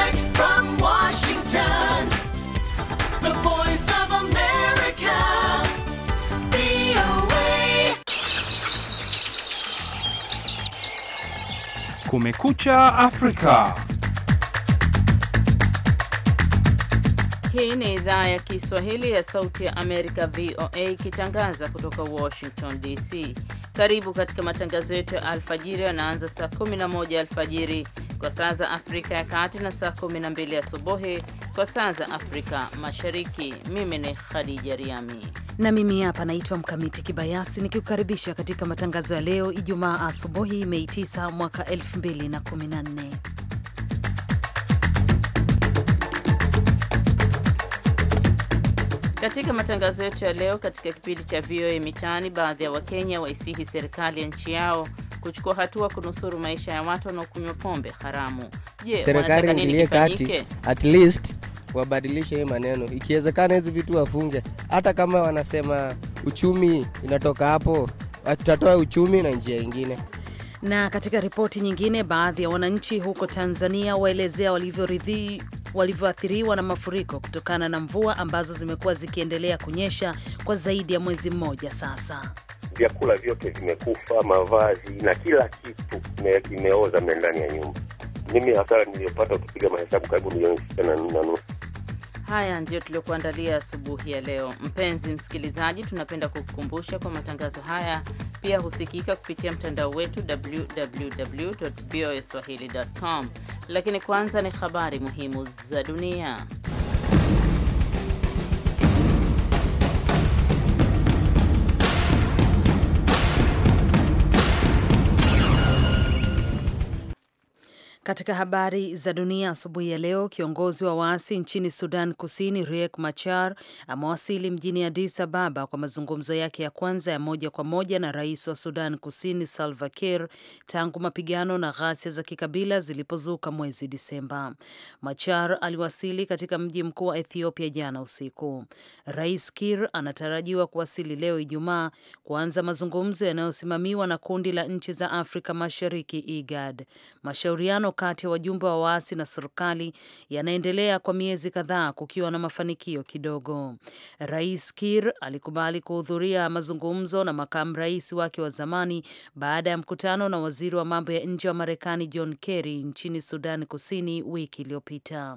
Direct from Washington, the voice of America, VOA. Kumekucha Afrika. Hii ni idhaa ya Kiswahili ya Sauti ya Amerika, VOA, ikitangaza kutoka Washington DC. Karibu katika matangazo yetu ya alfajiri, yanaanza saa 11 alfajiri kwa saa za Afrika ya Kati na saa 12 asubuhi kwa saa za Afrika Mashariki. Mimi ni Khadija Riami na mimi hapa naitwa Mkamiti Kibayasi nikikukaribisha katika matangazo ya leo Ijumaa asubuhi Mei 9 mwaka 2014. Katika matangazo yetu ya leo, katika kipindi cha VOA Mitaani, baadhi ya Wakenya waisihi serikali ya nchi yao kuchukua hatua kunusuru maisha ya watu wanaokunywa pombe haramu. Je, serikali ingilie kati, at least wabadilishe hii maneno. Ikiwezekana hizi vitu wafunge, hata kama wanasema uchumi inatoka hapo, tutatoa uchumi na njia ingine. Na katika ripoti nyingine, baadhi ya wananchi huko Tanzania waelezea walivyoridhi walivyoathiriwa na mafuriko kutokana na mvua ambazo zimekuwa zikiendelea kunyesha kwa zaidi ya mwezi mmoja sasa vyakula vyote vimekufa, mavazi na kila kitu kimeoza me, ndani ya nyumba. Mimi hasara niliyopata, ukipiga mahesabu, karibu milioni sita na nne na nusu. Haya ndiyo tuliokuandalia asubuhi ya leo. Mpenzi msikilizaji, tunapenda kukukumbusha kwa matangazo haya pia husikika kupitia mtandao wetu www voa swahili com, lakini kwanza ni habari muhimu za dunia. Katika habari za dunia asubuhi ya leo, kiongozi wa waasi nchini Sudan Kusini Riek Machar amewasili mjini Addis Ababa kwa mazungumzo yake ya kwanza ya moja kwa moja na rais wa Sudan Kusini Salva Kiir tangu mapigano na ghasia za kikabila zilipozuka mwezi Disemba. Machar aliwasili katika mji mkuu wa Ethiopia jana usiku. Rais Kiir anatarajiwa kuwasili leo Ijumaa kuanza mazungumzo yanayosimamiwa na kundi la nchi za Afrika Mashariki IGAD. Mashauriano kati ya wajumbe wa waasi na serikali yanaendelea kwa miezi kadhaa kukiwa na mafanikio kidogo. Rais Kir alikubali kuhudhuria mazungumzo na makamu rais wake wa zamani baada ya mkutano na waziri wa mambo ya nje wa Marekani John Kerry nchini Sudan Kusini wiki iliyopita.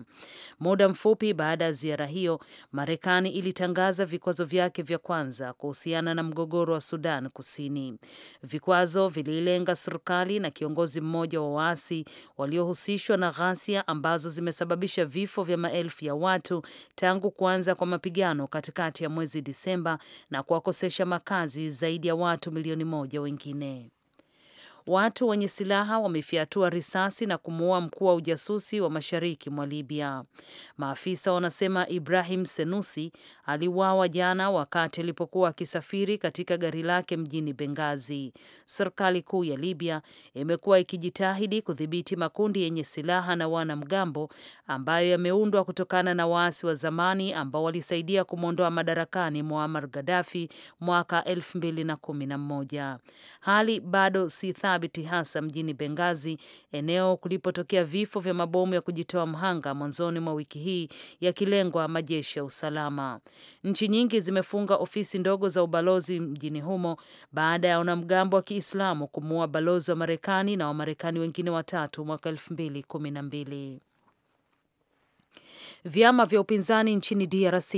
Muda mfupi baada ya ziara hiyo, Marekani ilitangaza vikwazo vyake vya kwanza kuhusiana na mgogoro wa Sudan Kusini. Vikwazo vililenga serikali na kiongozi mmoja wa waasi wali waliohusishwa na ghasia ambazo zimesababisha vifo vya maelfu ya watu tangu kuanza kwa mapigano katikati ya mwezi Disemba na kuwakosesha makazi zaidi ya watu milioni moja wengine watu wenye silaha wamefiatua risasi na kumuua mkuu wa ujasusi wa mashariki mwa Libya. Maafisa wanasema Ibrahim Senusi aliuawa jana wakati alipokuwa akisafiri katika gari lake mjini Bengazi. Serikali kuu ya Libya imekuwa ikijitahidi kudhibiti makundi yenye silaha na wanamgambo ambayo yameundwa kutokana na waasi wa zamani ambao walisaidia kumwondoa madarakani Muammar Gaddafi mwaka 2011. Hali bado si tha Thabiti hasa mjini Bengazi, eneo kulipotokea vifo vya mabomu ya kujitoa mhanga mwanzoni mwa wiki hii yakilengwa majeshi ya usalama. Nchi nyingi zimefunga ofisi ndogo za ubalozi mjini humo baada ya wanamgambo wa Kiislamu kumuua balozi wa Marekani na Wamarekani wengine watatu mwaka elfu mbili kumi na mbili. Vyama vya upinzani nchini DRC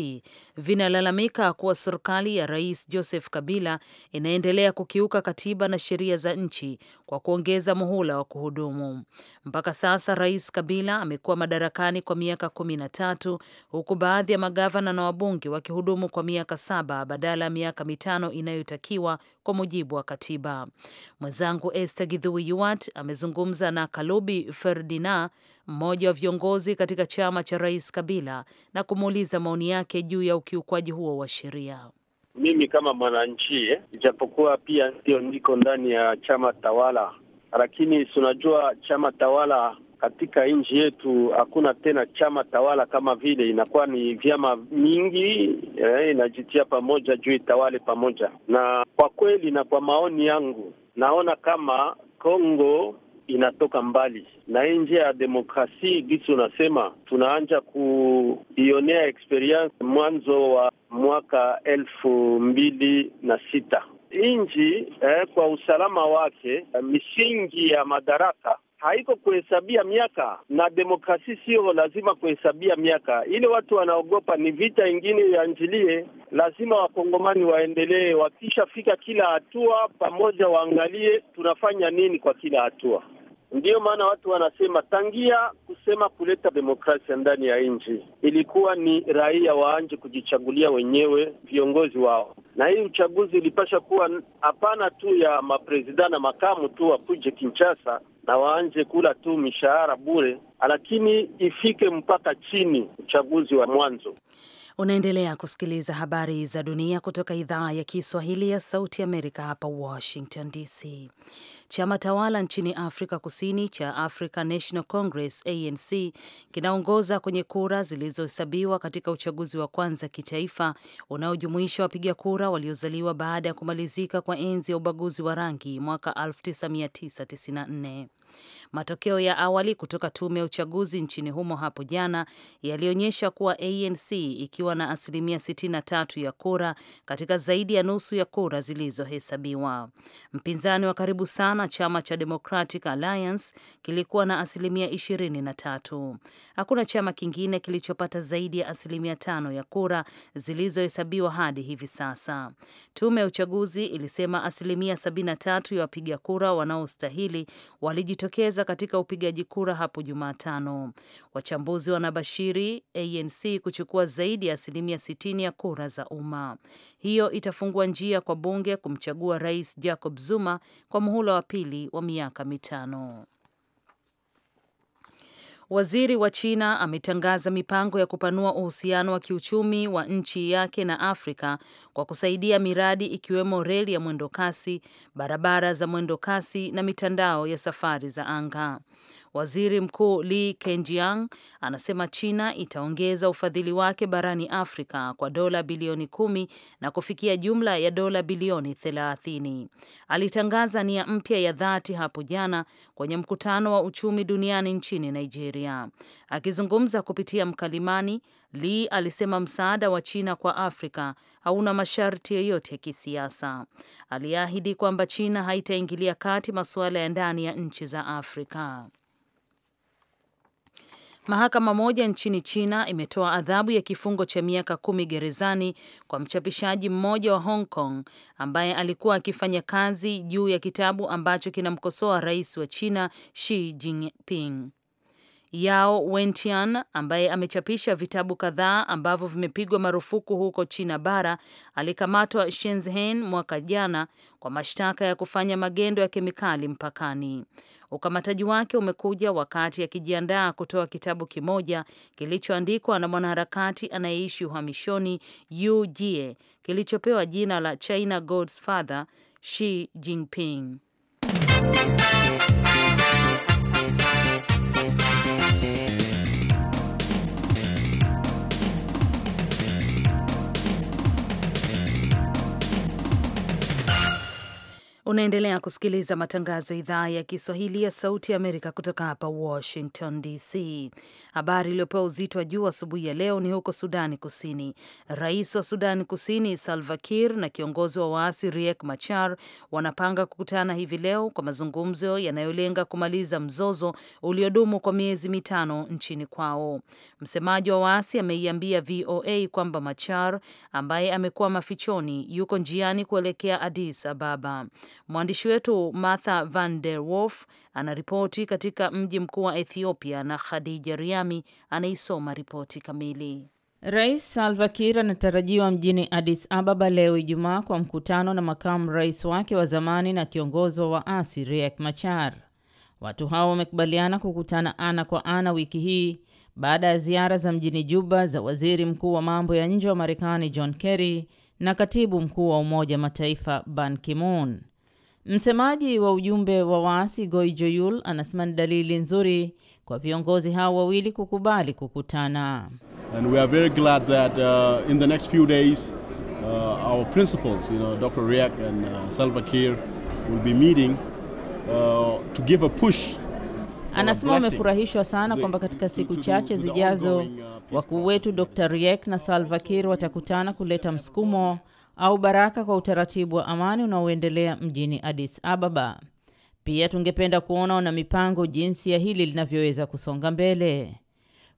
vinalalamika kuwa serikali ya Rais Joseph Kabila inaendelea kukiuka katiba na sheria za nchi kwa kuongeza muhula wa kuhudumu. Mpaka sasa Rais Kabila amekuwa madarakani kwa miaka kumi na tatu huku baadhi ya magavana na wabunge wakihudumu kwa miaka saba badala ya miaka mitano inayotakiwa kwa mujibu wa katiba. Mwenzangu Esther Githui Yuwat amezungumza na Kalubi Ferdinand mmoja wa viongozi katika chama cha Rais Kabila na kumuuliza maoni yake juu ya ukiukwaji huo wa sheria. Mimi kama mwananchi, ijapokuwa pia ndio niko ndani ya chama tawala, lakini tunajua chama tawala katika nchi yetu hakuna tena chama tawala kama vile, inakuwa ni vyama mingi eh, inajitia pamoja juu itawale pamoja. Na kwa kweli na kwa maoni yangu, naona kama Kongo inatoka mbali na hii njia ya demokrasi Gisi unasema tunaanja kuionea experience mwanzo wa mwaka elfu mbili na sita inji eh, kwa usalama wake eh, misingi ya madaraka haiko kuhesabia miaka, na demokrasi sio lazima kuhesabia miaka. Ile watu wanaogopa ni vita ingine yanjilie, lazima wakongomani waendelee. Wakishafika kila hatua pamoja, waangalie tunafanya nini kwa kila hatua. Ndiyo maana watu wanasema tangia kusema kuleta demokrasia ndani ya nchi ilikuwa ni raia waanje kujichagulia wenyewe viongozi wao, na hii uchaguzi ulipasha kuwa hapana tu ya maprezida na makamu tu wakuje Kinshasa, na waanje kula tu mishahara bure, lakini ifike mpaka chini uchaguzi wa mwanzo. Unaendelea kusikiliza habari za dunia kutoka idhaa ya Kiswahili ya Sauti Amerika hapa Washington DC. Chama tawala nchini Afrika Kusini cha Africa National Congress ANC kinaongoza kwenye kura zilizohesabiwa katika uchaguzi wa kwanza kitaifa unaojumuisha wapiga kura waliozaliwa baada ya kumalizika kwa enzi ya ubaguzi wa rangi mwaka 1994. Matokeo ya awali kutoka tume ya uchaguzi nchini humo hapo jana yalionyesha kuwa ANC ikiwa na asilimia 63 ya kura katika zaidi ya nusu ya kura zilizohesabiwa. Mpinzani wa karibu sana chama cha Democratic Alliance kilikuwa na asilimia 23. Hakuna chama kingine kilichopata zaidi ya asilimia tano ya kura zilizohesabiwa hadi hivi sasa. Tume ya uchaguzi ilisema asilimia 73 ya wapiga kura wanaostahili walijit kujitokeza katika upigaji kura hapo Jumatano. Wachambuzi wanabashiri ANC kuchukua zaidi ya asilimia 60 ya kura za umma. Hiyo itafungua njia kwa bunge kumchagua Rais Jacob Zuma kwa muhula wa pili wa miaka mitano. Waziri wa China ametangaza mipango ya kupanua uhusiano wa kiuchumi wa nchi yake na Afrika kwa kusaidia miradi ikiwemo reli ya mwendokasi, barabara za mwendokasi na mitandao ya safari za anga. Waziri Mkuu Li Kenjiang anasema China itaongeza ufadhili wake barani Afrika kwa dola bilioni kumi na kufikia jumla ya dola bilioni thelathini. Alitangaza nia mpya ya dhati hapo jana kwenye mkutano wa uchumi duniani nchini Nigeria. Akizungumza kupitia mkalimani, li alisema msaada wa China kwa Afrika hauna masharti yoyote ya kisiasa. Aliahidi kwamba China haitaingilia kati masuala ya ndani ya nchi za Afrika. Mahakama moja nchini China imetoa adhabu ya kifungo cha miaka kumi gerezani kwa mchapishaji mmoja wa Hong Kong ambaye alikuwa akifanya kazi juu ya kitabu ambacho kinamkosoa rais wa China Xi Jinping. Yao Wentian ambaye amechapisha vitabu kadhaa ambavyo vimepigwa marufuku huko China bara alikamatwa Shenzhen mwaka jana kwa mashtaka ya kufanya magendo ya kemikali mpakani. Ukamataji wake umekuja wakati akijiandaa kutoa kitabu kimoja kilichoandikwa na mwanaharakati anayeishi uhamishoni Yu Jie kilichopewa jina la China God's Father Xi Jinping. Unaendelea kusikiliza matangazo ya idhaa ya Kiswahili ya Sauti ya Amerika kutoka hapa Washington DC. Habari iliyopewa uzito wa juu asubuhi ya leo ni huko Sudani Kusini. Rais wa Sudani Kusini Salva Kiir na kiongozi wa waasi Riek Machar wanapanga kukutana hivi leo kwa mazungumzo yanayolenga kumaliza mzozo uliodumu kwa miezi mitano nchini kwao. Msemaji wa waasi ameiambia VOA kwamba Machar ambaye amekuwa mafichoni yuko njiani kuelekea Addis Ababa. Mwandishi wetu Martha Van Der Wolf anaripoti katika mji mkuu wa Ethiopia na Khadija Riami anaisoma ripoti kamili. Rais Salva Kiir anatarajiwa mjini Addis Ababa leo Ijumaa kwa mkutano na makamu rais wake wa zamani na kiongozi wa waasi Riek Machar. Watu hao wamekubaliana kukutana ana kwa ana wiki hii baada ya ziara za mjini Juba za waziri mkuu wa mambo ya nje wa Marekani John Kerry na katibu mkuu wa Umoja Mataifa Ban Ki-moon. Msemaji wa ujumbe wa waasi Goi Joyul anasema ni dalili nzuri kwa viongozi hao wawili kukubali kukutana. And we are very glad that uh, in the next few days uh, our principals, you know, Dr. Riek and uh, Salva Kiir will be meeting uh, to give a push. Anasema wamefurahishwa sana kwamba katika siku chache uh, zijazo wakuu wetu Dr. Riek na Salva Kiir watakutana kuleta msukumo au baraka kwa utaratibu wa amani unaoendelea mjini Addis Ababa. Pia tungependa kuona na mipango jinsi ya hili linavyoweza kusonga mbele.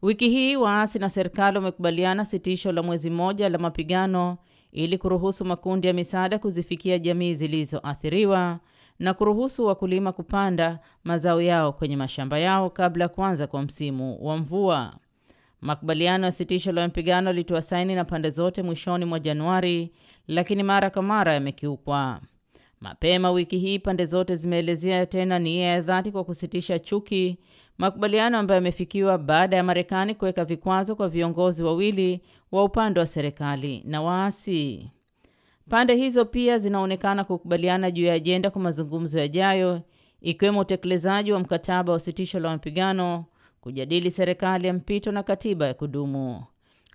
Wiki hii waasi na serikali wamekubaliana sitisho la mwezi mmoja la mapigano ili kuruhusu makundi ya misaada kuzifikia jamii zilizoathiriwa na kuruhusu wakulima kupanda mazao yao kwenye mashamba yao kabla ya kuanza kwa msimu wa mvua. Makubaliano ya sitisho la mapigano yalitiwa saini na pande zote mwishoni mwa Januari lakini mara kwa mara yamekiukwa. Mapema wiki hii pande zote zimeelezea tena nia ya dhati kwa kusitisha chuki, makubaliano ambayo yamefikiwa baada ya Marekani kuweka vikwazo kwa viongozi wawili wa upande wa serikali na waasi. Pande hizo pia zinaonekana kukubaliana juu ya ajenda kwa mazungumzo yajayo, ikiwemo utekelezaji wa mkataba wa sitisho la mapigano, kujadili serikali ya mpito na katiba ya kudumu.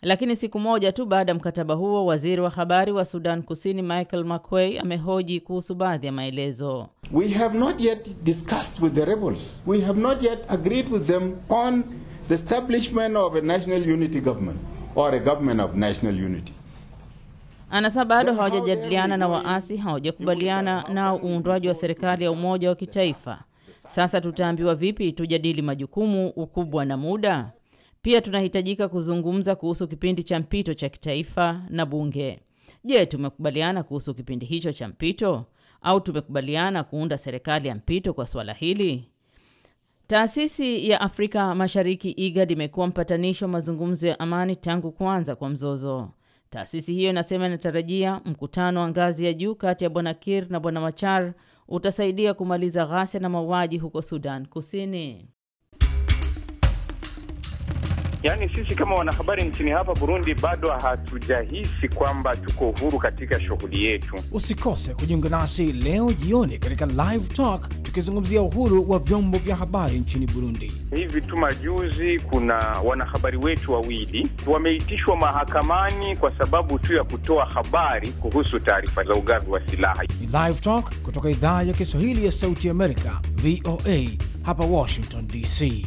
Lakini siku moja tu baada ya mkataba huo, waziri wa habari wa Sudan Kusini Michael Makwei amehoji kuhusu baadhi ya maelezo. We have not yet discussed with the rebels. We have not yet agreed with them on the establishment of a national unity government or a government of national unity. Anasema bado hawajajadiliana na waasi, hawajakubaliana nao uundwaji wa serikali ya umoja wa kitaifa. Sasa tutaambiwa vipi tujadili majukumu, ukubwa na muda? Pia tunahitajika kuzungumza kuhusu kipindi cha mpito cha kitaifa na bunge. Je, tumekubaliana kuhusu kipindi hicho cha mpito au tumekubaliana kuunda serikali ya mpito kwa suala hili? Taasisi ya Afrika Mashariki IGAD imekuwa mpatanishi wa mazungumzo ya amani tangu kwanza kwa mzozo. Taasisi hiyo inasema inatarajia mkutano wa ngazi ya juu kati ya Bwana kir na Bwana Machar utasaidia kumaliza ghasia na mauaji huko Sudan Kusini. Yaani sisi kama wanahabari nchini hapa Burundi bado hatujahisi kwamba tuko huru katika shughuli yetu. Usikose kujiunga nasi leo jioni katika Live Talk tukizungumzia uhuru wa vyombo vya habari nchini Burundi. Hivi tu majuzi, kuna wanahabari wetu wawili wameitishwa mahakamani kwa sababu tu ya kutoa habari kuhusu taarifa za ugavi wa silaha. Live Talk kutoka idhaa ya Kiswahili ya Sauti Amerika, VOA hapa Washington DC.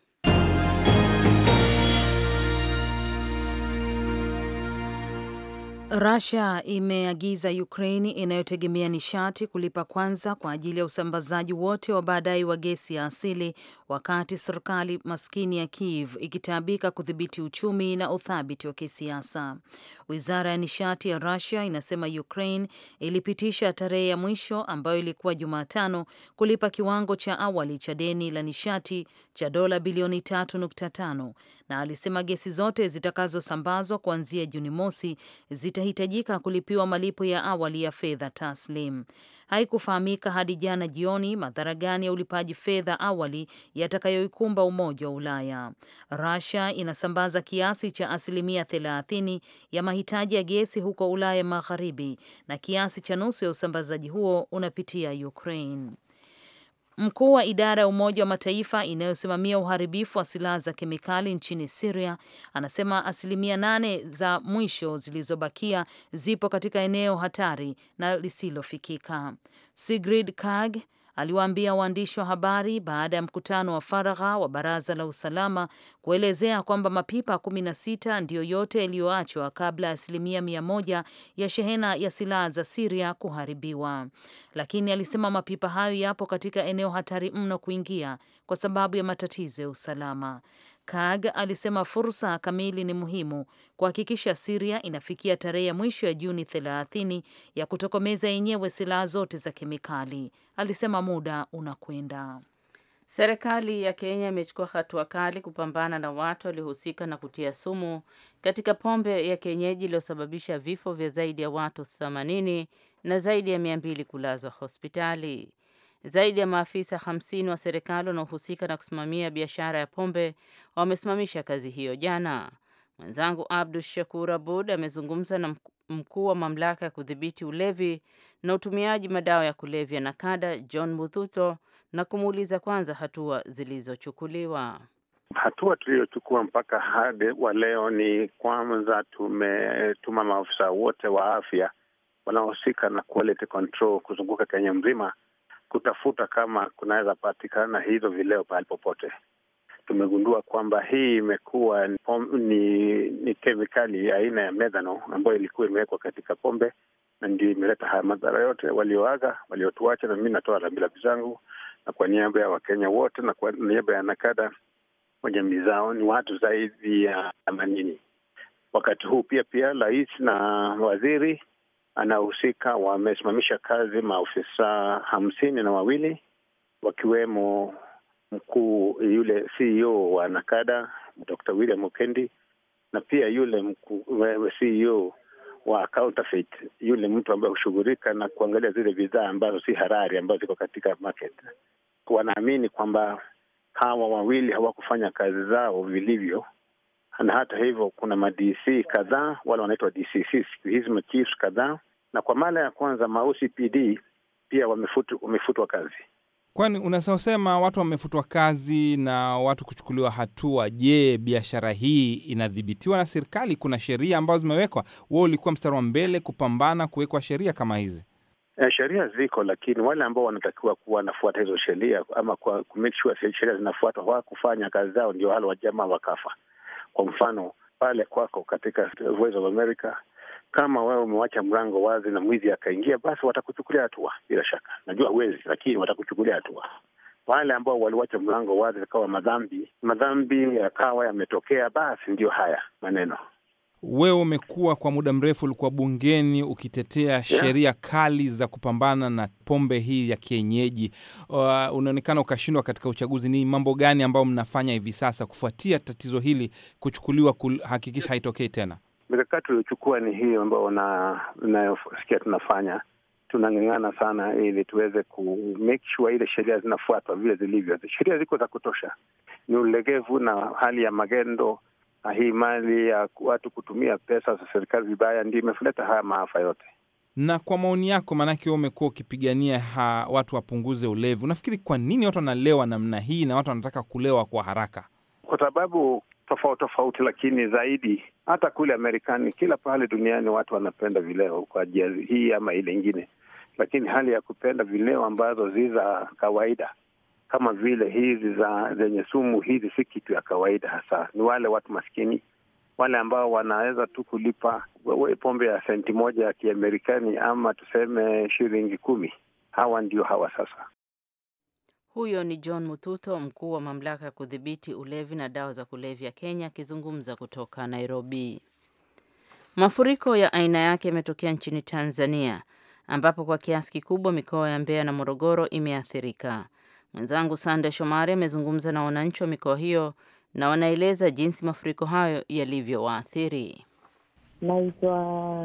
Russia imeagiza ukrain inayotegemea nishati kulipa kwanza kwa ajili ya usambazaji wote wa baadaye wa gesi ya asili wakati serikali maskini ya Kiev ikitaabika kudhibiti uchumi na uthabiti wa kisiasa. Wizara ya nishati ya Russia inasema Ukraine ilipitisha tarehe ya mwisho ambayo ilikuwa Jumatano kulipa kiwango cha awali cha deni la nishati cha dola bilioni 3.5 na alisema gesi zote zitakazosambazwa kuanzia Juni mosi zita itahitajika kulipiwa malipo ya awali ya fedha taslim. Haikufahamika hadi jana jioni madhara gani ya ulipaji fedha awali yatakayoikumba Umoja wa Ulaya. Russia inasambaza kiasi cha asilimia 30 ya mahitaji ya gesi huko Ulaya Magharibi, na kiasi cha nusu ya usambazaji huo unapitia Ukraine. Mkuu wa idara ya Umoja wa Mataifa inayosimamia uharibifu wa silaha za kemikali nchini Siria anasema asilimia nane za mwisho zilizobakia zipo katika eneo hatari na lisilofikika. Sigrid Kaag aliwaambia waandishi wa habari baada ya mkutano wa faragha wa baraza la usalama kuelezea kwamba mapipa 16 ndiyo yote yaliyoachwa kabla ya asilimia mia moja ya shehena ya silaha za Siria kuharibiwa, lakini alisema mapipa hayo yapo katika eneo hatari mno kuingia kwa sababu ya matatizo ya usalama. Kag alisema fursa kamili ni muhimu kuhakikisha Siria inafikia tarehe ya mwisho ya Juni 30 ya kutokomeza yenyewe silaha zote za kemikali. Alisema muda unakwenda. Serikali ya Kenya imechukua hatua kali kupambana na watu waliohusika na kutia sumu katika pombe ya kienyeji iliyosababisha vifo vya zaidi ya watu 80 na zaidi ya 200 kulazwa hospitali. Zaidi ya maafisa 50 wa serikali wanaohusika na kusimamia biashara ya pombe wamesimamisha kazi hiyo jana. Mwenzangu Abdu Shakur Abud amezungumza na mkuu wa mamlaka ya kudhibiti ulevi na utumiaji madawa ya kulevya na kada John Muthuto na kumuuliza kwanza hatua zilizochukuliwa. Hatua tuliyochukua mpaka hadi wa leo ni kwanza, tumetuma maafisa wote wa afya wanaohusika na quality control kuzunguka Kenya mzima kutafuta kama kunaweza patikana hizo vileo pahali popote. Tumegundua kwamba hii imekuwa ni, ni kemikali aina ya methano ambayo ilikuwa imewekwa katika pombe na ndio imeleta haya madhara yote. Walioaga, waliotuacha, na mi natoa rambirambi zangu na kwa niaba ya Wakenya wote na kwa niaba ya nakada wa jamii zao ni watu zaidi ya themanini. Wakati huu pia pia rais na waziri anahusika wamesimamisha kazi maofisa hamsini na wawili wakiwemo mkuu yule CEO wa Nakada Dr. William Okendi na pia yule mkuu eh, CEO wa counterfeit, yule mtu ambaye hushughulika na kuangalia zile bidhaa ambazo si harari ambazo ziko katika market. Wanaamini kwamba hawa wawili hawakufanya kazi zao vilivyo, na hata hivyo kuna madc kadhaa wale wanaitwa DCC siku hizi machiefs kadhaa, na kwa mara ya kwanza maucpd pia wamefutwa kazi. Kwani unasosema watu wamefutwa kazi na watu kuchukuliwa hatua. Je, biashara hii inadhibitiwa na serikali? Kuna sheria ambazo zimewekwa? Wewe ulikuwa mstari wa mbele kupambana kuwekwa sheria kama hizi. E, sheria ziko, lakini wale ambao wanatakiwa kuwa wanafuata hizo sheria ama kwa sheria zinafuatwa kufanya kazi zao, ndio hala wajamaa wakafa. Kwa mfano pale kwako katika Voice of America, kama wewe umewacha mlango wazi na mwizi akaingia, basi watakuchukulia hatua. Bila shaka, najua huwezi, lakini watakuchukulia hatua. Wale ambao waliwacha mlango wazi, akawa madhambi madhambi yakawa yametokea, basi ndiyo haya maneno wewe umekuwa kwa muda mrefu, ulikuwa bungeni ukitetea yeah, sheria kali za kupambana na pombe hii ya kienyeji. Uh, unaonekana ukashindwa katika uchaguzi. Ni mambo gani ambayo mnafanya hivi sasa kufuatia tatizo hili kuchukuliwa, kuhakikisha haitokei tena? Mikakati uliochukua ni hiyo ambayo unayosikia tunafanya tunang'ang'ana sana ili tuweze ku make sure ile sheria zinafuatwa vile zilivyo. Sheria ziko za kutosha, ni ulegevu na hali ya magendo hii mali ya watu kutumia pesa za serikali vibaya ndio imeleta haya maafa yote. Na kwa maoni yako, maanake wewe umekuwa ukipigania watu wapunguze ulevi, unafikiri kwa nini watu wanalewa namna hii na watu wanataka kulewa kwa haraka? Kwa sababu tofauti tofauti, lakini zaidi hata kule Amerikani, kila pahali duniani watu wanapenda vileo kwa njia hii ama ile ingine, lakini hali ya kupenda vileo ambazo si za kawaida kama vile hizi za zenye sumu hizi, si kitu ya kawaida. Hasa ni wale watu maskini, wale ambao wanaweza tu kulipa pombe ya senti moja ya Kiamerikani ama tuseme shilingi kumi. Hawa ndio hawa sasa. Huyo ni John Mututo, mkuu wa mamlaka ya kudhibiti ulevi na dawa za kulevya Kenya, akizungumza kutoka Nairobi. Mafuriko ya aina yake yametokea nchini Tanzania ambapo kwa kiasi kikubwa mikoa ya mbea na Morogoro imeathirika. Mwenzangu Sande Shomari amezungumza na wananchi wa mikoa hiyo na wanaeleza jinsi mafuriko hayo yalivyowaathiri. Naitwa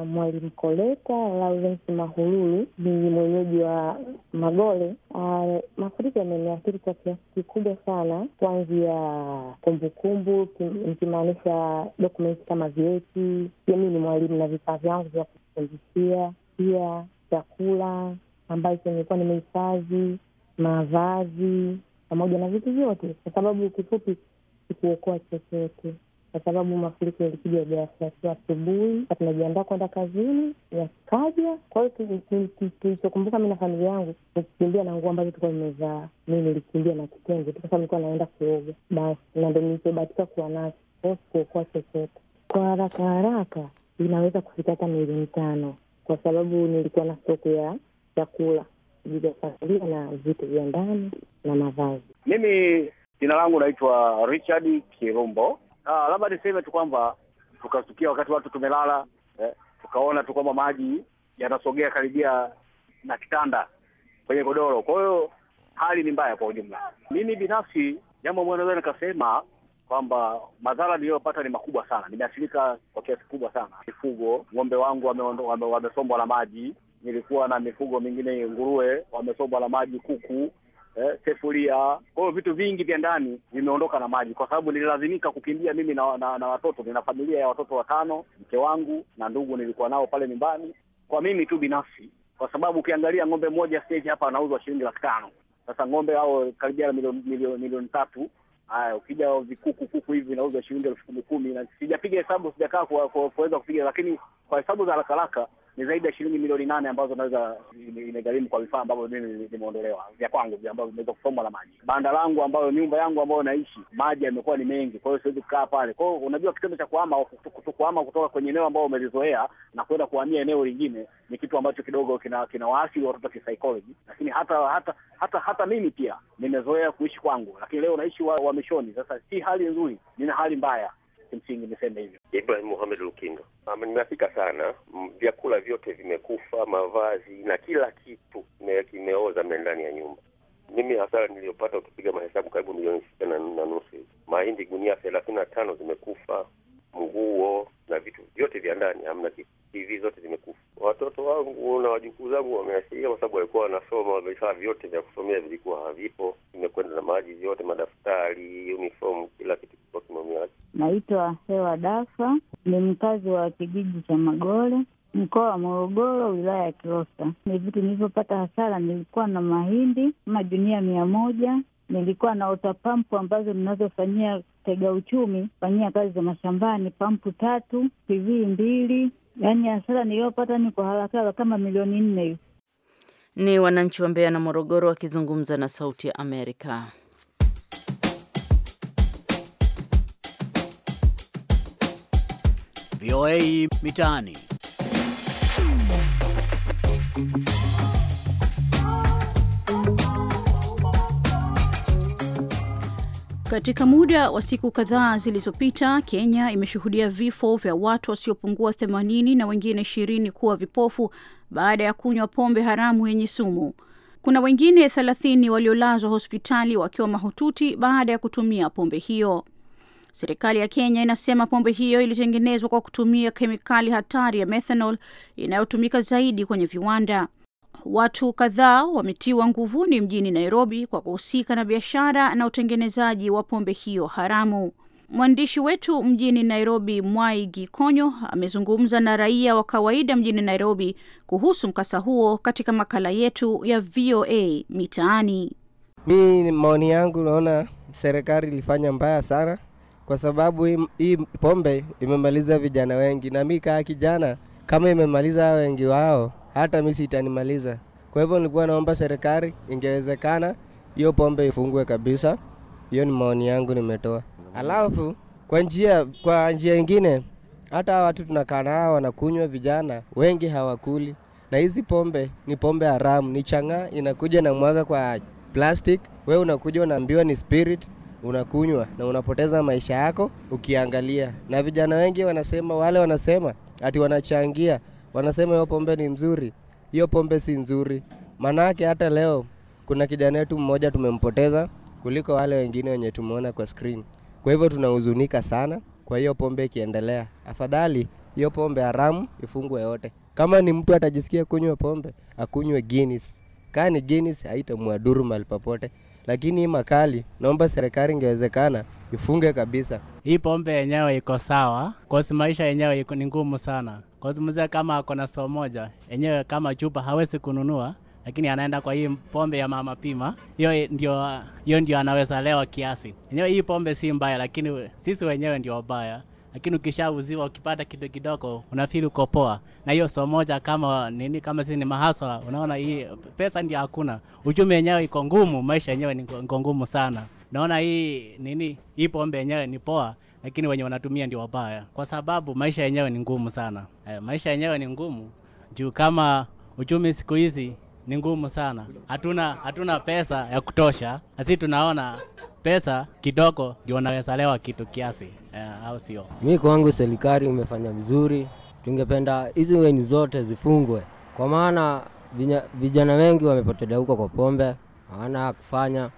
Mwalimu Koleta Lawrence Mahululu, ni mwenyeji wa Magole. Ah, mafuriko yameniathiri kwa kiasi kikubwa sana, kuanzia kumbukumbu, nikimaanisha dokumenti kama vyeti. Pia ni mwalimu na vifaa vyangu vya kufundishia, pia chakula ambacho nilikuwa nimehifadhi mavazi pamoja na vitu vyote, kwa sababu kifupi sikuokoa chochote, kwa sababu mafuriko yalikuja ghafla tu asubuhi, tunajiandaa kwenda kazini, yakaja. Kwa hiyo kilichokumbuka mi na familia yangu nikikimbia na nguo ambazo tulikuwa nimevaa, mi nilikimbia na kitenge tu, kwa sababu nilikuwa naenda kuoga, basi na ndo nilichobahatika kuwa nacho. Kwa hiyo sikuokoa chochote. Kwa haraka haraka inaweza kufika hata milioni tano, kwa sababu nilikuwa na stoku ya chakula vijafasilia na vitu vya ndani na mavazi. Mimi jina langu naitwa Richard Kirumbo. Ah, labda niseme tu kwamba tukasikia wakati watu tumelala, eh, tukaona tu kwamba maji yanasogea karibia na kitanda kwenye godoro, kwa hiyo hali ni mbaya kwa ujumla. Mimi binafsi jambo ambalo naweza nikasema kwamba madhara niliyopata ni makubwa sana, nimeathirika kwa kiasi kubwa sana. Mifugo, ng'ombe wangu wamesombwa wame na maji, nilikuwa na mifugo mingine, nguruwe wamesombwa na maji, kuku eh, sefuria. Kwa hiyo vitu vingi vya ndani vimeondoka na maji, kwa sababu nililazimika kukimbia mimi na, na, na watoto. Nina familia ya watoto watano, mke wangu na ndugu nilikuwa nao pale nyumbani, kwa mimi tu binafsi, kwa sababu ukiangalia ng'ombe moja stage hapa anauzwa shilingi laki tano. Sasa ng'ombe hao karibia milioni tatu. Haya, ukija vikuku kuku hivi vinauzwa shilingi elfu kumi kumi, na sijapiga hesabu, sijakaa kuweza kupiga, lakini kwa hesabu za haraka haraka ni zaidi ya shilingi milioni nane ambazo naweza imegharimu kwa vifaa ambavyo mimi nimeondolewa vya kwangu ambavyo vimeweza kusomwa na maji. Banda langu ambayo nyumba yangu ambayo naishi maji yamekuwa ni mengi, kwa hiyo siwezi kukaa pale. Kwa hiyo unajua, kitendo cha kuhama kuhama kutoka kwenye eneo ambayo umelizoea na kwenda kuhamia eneo lingine ni kitu ambacho kidogo kina kinawaasili watoto kisaikolojia, lakini hata hata hata hata mimi pia nimezoea kuishi kwangu, lakini leo naishi wa, wa mishoni. Sasa si hali nzuri, nina hali mbaya kimsingi niseme hivyo. Ibrahim Muhamed Lukindo, nimeafika sana. Vyakula vyote vimekufa, mavazi na kila kitu kimeoza mle ndani ya nyumba. Mimi hasara niliyopata, ukipiga mahesabu, karibu milioni sita na nusu hivi. Mahindi gunia thelathini na tano zimekufa, nguo na vitu vyote vya ndani hamna kitu. TV zote zimekufa. Watoto wangu na wajukuu zangu wameathirika, kwa sababu walikuwa wanasoma, vifaa vyote vya kusomea vilikuwa havipo, vimekwenda na maji yote, madaftari, uniform, kila kitu. Naitwa Hewa Dafa, ni mkazi wa kijiji cha Magole, mkoa wa Morogoro, wilaya ya Kilosa. Ni vitu nilivyopata hasara, nilikuwa na mahindi kama junia mia moja, nilikuwa na ota pampu ambazo ninazofanyia tega uchumi, fanyia kazi za mashambani, pampu tatu, TV mbili. Yaani hasara niliyopata ni kwa harakara kama milioni nne. Ni wananchi wa Mbeya na Morogoro wakizungumza na Sauti ya Amerika. VOA Mitaani. Katika muda wa siku kadhaa zilizopita, Kenya imeshuhudia vifo vya watu wasiopungua 80 na wengine 20 kuwa vipofu baada ya kunywa pombe haramu yenye sumu. Kuna wengine 30 waliolazwa hospitali wakiwa mahututi baada ya kutumia pombe hiyo. Serikali ya Kenya inasema pombe hiyo ilitengenezwa kwa kutumia kemikali hatari ya methanol inayotumika zaidi kwenye viwanda. Watu kadhaa wametiwa nguvuni mjini Nairobi kwa kuhusika na biashara na utengenezaji wa pombe hiyo haramu. Mwandishi wetu mjini Nairobi, Mwai Gikonyo, amezungumza na raia wa kawaida mjini Nairobi kuhusu mkasa huo katika makala yetu ya VOA Mitaani. Mi maoni yangu, naona serikali ilifanya mbaya sana kwa sababu hii pombe imemaliza vijana wengi, na mi kaa kijana kama imemaliza wengi wao, hata mi sitanimaliza. Kwa hivyo nilikuwa naomba serikali, ingewezekana hiyo pombe ifungwe kabisa. Hiyo ni maoni yangu nimetoa. Alafu kwa njia kwa njia ingine, hata watu tunakaa nao wanakunywa, vijana wengi hawakuli, na hizi pombe ni pombe haramu, ni chang'aa, inakuja na mwaga kwa plastic, we unakuja unaambiwa ni spirit unakunywa na unapoteza maisha yako ukiangalia. Na vijana wengi wanasema, wale wanasema ati wanachangia, wanasema hiyo pombe ni mzuri, hiyo pombe si nzuri. Manake hata leo kuna kijana wetu mmoja tumempoteza kuliko wale wengine wenye tumeona kwa screen. Kwa hivyo tunahuzunika sana kwa hiyo pombe ikiendelea. Afadhali hiyo pombe haramu ifungwe yote. Kama ni mtu atajisikia kunywa pombe, akunywe Guinness. Kani Guinness haitamwadhuru mali popote lakini hii makali, naomba serikali ingewezekana ifunge kabisa hii pombe. Yenyewe iko sawa kosi, maisha yenyewe ni ngumu sana kosi. Mzee kama ako na soo moja yenyewe kama chupa hawezi kununua, lakini anaenda kwa hii pombe ya mama pima, hiyo ndio, hiyo ndio anaweza lewa kiasi. Yenyewe hii pombe si mbaya, lakini sisi wenyewe ndio wabaya lakini ukishauziwa ukipata kidogo kidogo unafili ukopoa Na hiyo so moja kama nini, kama sisi ni mahasara, unaona hii pesa ndio hakuna, uchumi wenyewe iko ngumu, maisha yenyewe niko ngumu sana. Naona hii nini, hii pombe yenyewe ni poa lakini wenye wanatumia ndio wabaya, kwa sababu maisha yenyewe ni ngumu sana. E, maisha yenyewe ni ngumu juu kama uchumi siku hizi ni ngumu sana, hatuna hatuna pesa ya kutosha, asi tunaona pesa kidogo ndio unaweza lewa kitu kiasi eh, au sio? Mi kwangu serikali umefanya vizuri, tungependa hizi weni zote zifungwe, kwa maana vijana wengi wamepotelea huko kwa pombe, hawana kufanya,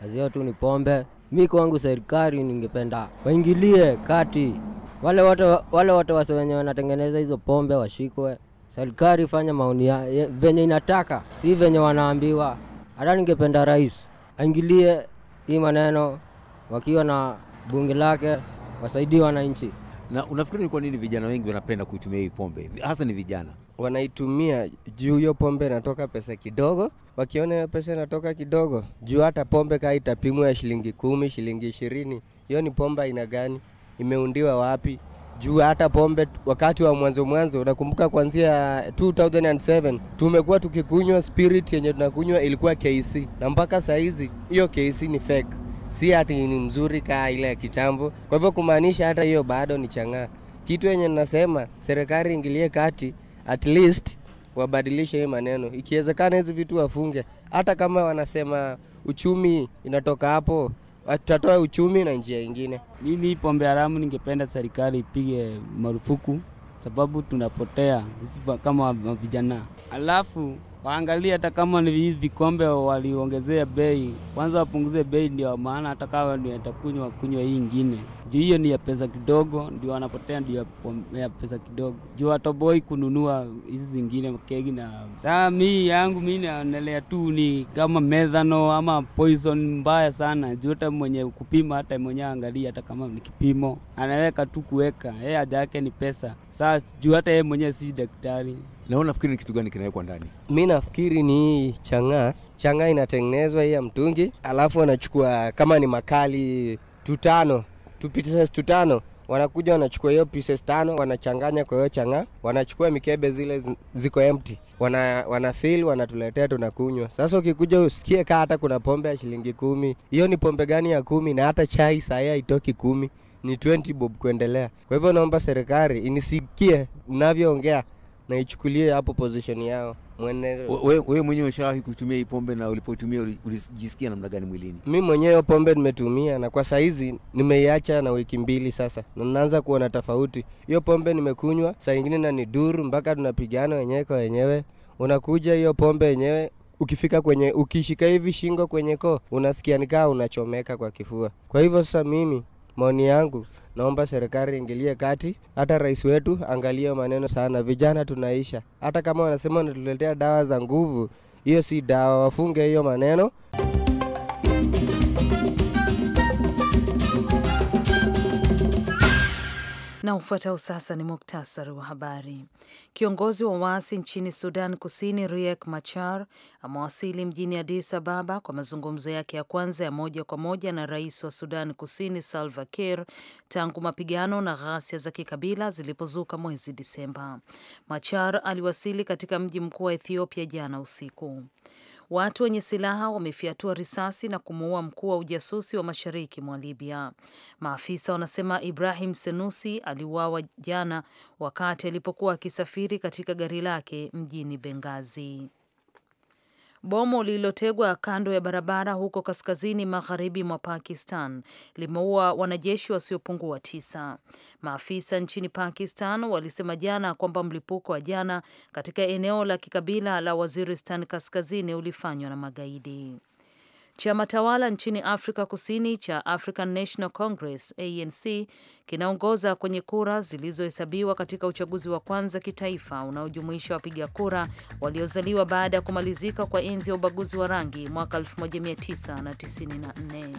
kazi yao tu ni pombe. Mi kwangu serikali ningependa waingilie kati, wale wote wale wote wase wenye wanatengeneza hizo pombe washikwe. Serikali fanya maoni venye inataka, si venye wanaambiwa. Hata ningependa rais aingilie hii maneno wakiwa na bunge lake wasaidie wananchi. Na unafikiri ni kwa nini vijana wengi wanapenda kuitumia hii pombe, hasa ni vijana? Wanaitumia juu hiyo pombe inatoka pesa kidogo, wakiona hiyo pesa inatoka kidogo, juu hata pombe kaa itapimwa ya shilingi kumi, shilingi ishirini, hiyo ni pombe aina gani? Imeundiwa wapi? juu hata pombe wakati wa mwanzo mwanzo, unakumbuka kuanzia 2007 tumekuwa tukikunywa spirit yenye tunakunywa ilikuwa KC, na mpaka saa hizi hiyo KC ni fake, si ati ni mzuri kaa ile ya kitambo. Kwa hivyo kumaanisha hata hiyo bado ni chang'aa. Kitu yenye nasema serikali ingilie kati, at least wabadilishe hii maneno, ikiwezekana hizi vitu wafunge, hata kama wanasema uchumi inatoka hapo tutatoa uchumi na njia nyingine. Mimi pombe haramu ningependa serikali ipige marufuku, sababu tunapotea sisi kama vijana. Alafu waangalie hata kama ni hizi vikombe waliongezea bei, kwanza wapunguze bei, ndio maana hata kama ni atakunywa kunywa hii ingine juu hiyo ni ya pesa kidogo, ndio anapotea ndio ya pesa kidogo, juu watoboi kununua hizi zingine keki. Na saa mi yangu mi naonelea tu ni kama methano ama poison mbaya sana, juu mwenye kupima hata mwenye angalia, hata kama ni kipimo anaweka tu kuweka, yeye haja yake ni pesa. Saa juu hata yeye mwenyewe si daktari. Na nafikiri ni kitu gani kinawekwa ndani? Mi nafikiri ni hii chang'aa. Chang'aa inatengenezwa hii ya mtungi, alafu anachukua kama ni makali tutano tu pieces tu tano wanakuja wanachukua hiyo pieces tano, wanachanganya kwa hiyo chang'aa, wanachukua mikebe zile ziko empty, wana wanafill, wanatuletea tunakunywa. Sasa ukikuja usikie kaa hata kuna pombe ya shilingi kumi, hiyo ni pombe gani ya kumi? Na hata chai saa haitoki kumi, ni 20 bob kuendelea. Kwa hivyo naomba serikali inisikie ninavyoongea na ichukulie hapo position yao wewe mwenyewe ushawahi kutumia hii pombe na ulipotumia ulijisikia namna gani mwilini? Mi mwenyewe pombe nimetumia na kwa sahizi nimeiacha na wiki mbili sasa, na naanza kuona tofauti. Hiyo pombe nimekunywa saa ingine na ni duru mpaka tunapigana wenyewe kwa wenyewe. Unakuja hiyo pombe yenyewe ukifika kwenye ukishika hivi shingo kwenye koo unasikia nikaa unachomeka kwa kifua. Kwa hivyo sasa, mimi maoni yangu Naomba serikali ingilie kati, hata rais wetu angalie maneno sana, vijana tunaisha. Hata kama wanasema wanatuletea dawa za nguvu, hiyo si dawa, wafunge hiyo maneno. Na ufuatao sasa ni muktasari wa habari. Kiongozi wa waasi nchini Sudan Kusini Riek Machar amewasili mjini Addis Ababa kwa mazungumzo yake ya kwanza ya moja kwa moja na rais wa Sudan Kusini Salva Kiir tangu mapigano na ghasia za kikabila zilipozuka mwezi Disemba. Machar aliwasili katika mji mkuu wa Ethiopia jana usiku. Watu wenye silaha wamefiatua risasi na kumuua mkuu wa ujasusi wa mashariki mwa Libya. Maafisa wanasema Ibrahim Senusi aliuawa jana wakati alipokuwa akisafiri katika gari lake mjini bengazi Bomu lililotegwa kando ya barabara huko kaskazini magharibi mwa Pakistan limeua wanajeshi wasiopungua tisa. Maafisa nchini Pakistan walisema jana kwamba mlipuko wa jana katika eneo la kikabila la Waziristan kaskazini ulifanywa na magaidi. Chama tawala nchini Afrika Kusini cha African National Congress ANC kinaongoza kwenye kura zilizohesabiwa katika uchaguzi wa kwanza kitaifa unaojumuisha wapiga kura waliozaliwa baada ya kumalizika kwa enzi ya ubaguzi wa rangi mwaka 1994.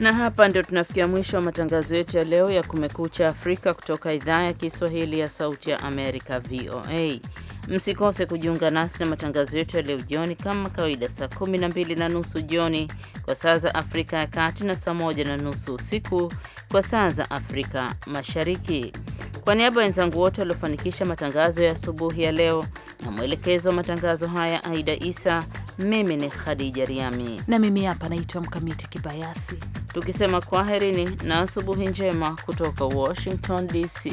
Na hapa ndio tunafikia mwisho wa matangazo yetu ya leo ya Kumekucha Afrika kutoka idhaa ya Kiswahili ya Sauti ya Amerika, VOA. Msikose kujiunga nasi na matangazo yetu ya leo jioni kama kawaida, saa kumi na mbili na nusu jioni kwa saa za Afrika ya Kati na saa moja na nusu usiku kwa saa za Afrika Mashariki. Kwa niaba ya wenzangu wote waliofanikisha matangazo ya asubuhi ya leo na mwelekezo wa matangazo haya Aida Isa, mimi ni Khadija Riami na mimi hapa naitwa Mkamiti Kibayasi, tukisema kwaherini na asubuhi njema kutoka Washington DC.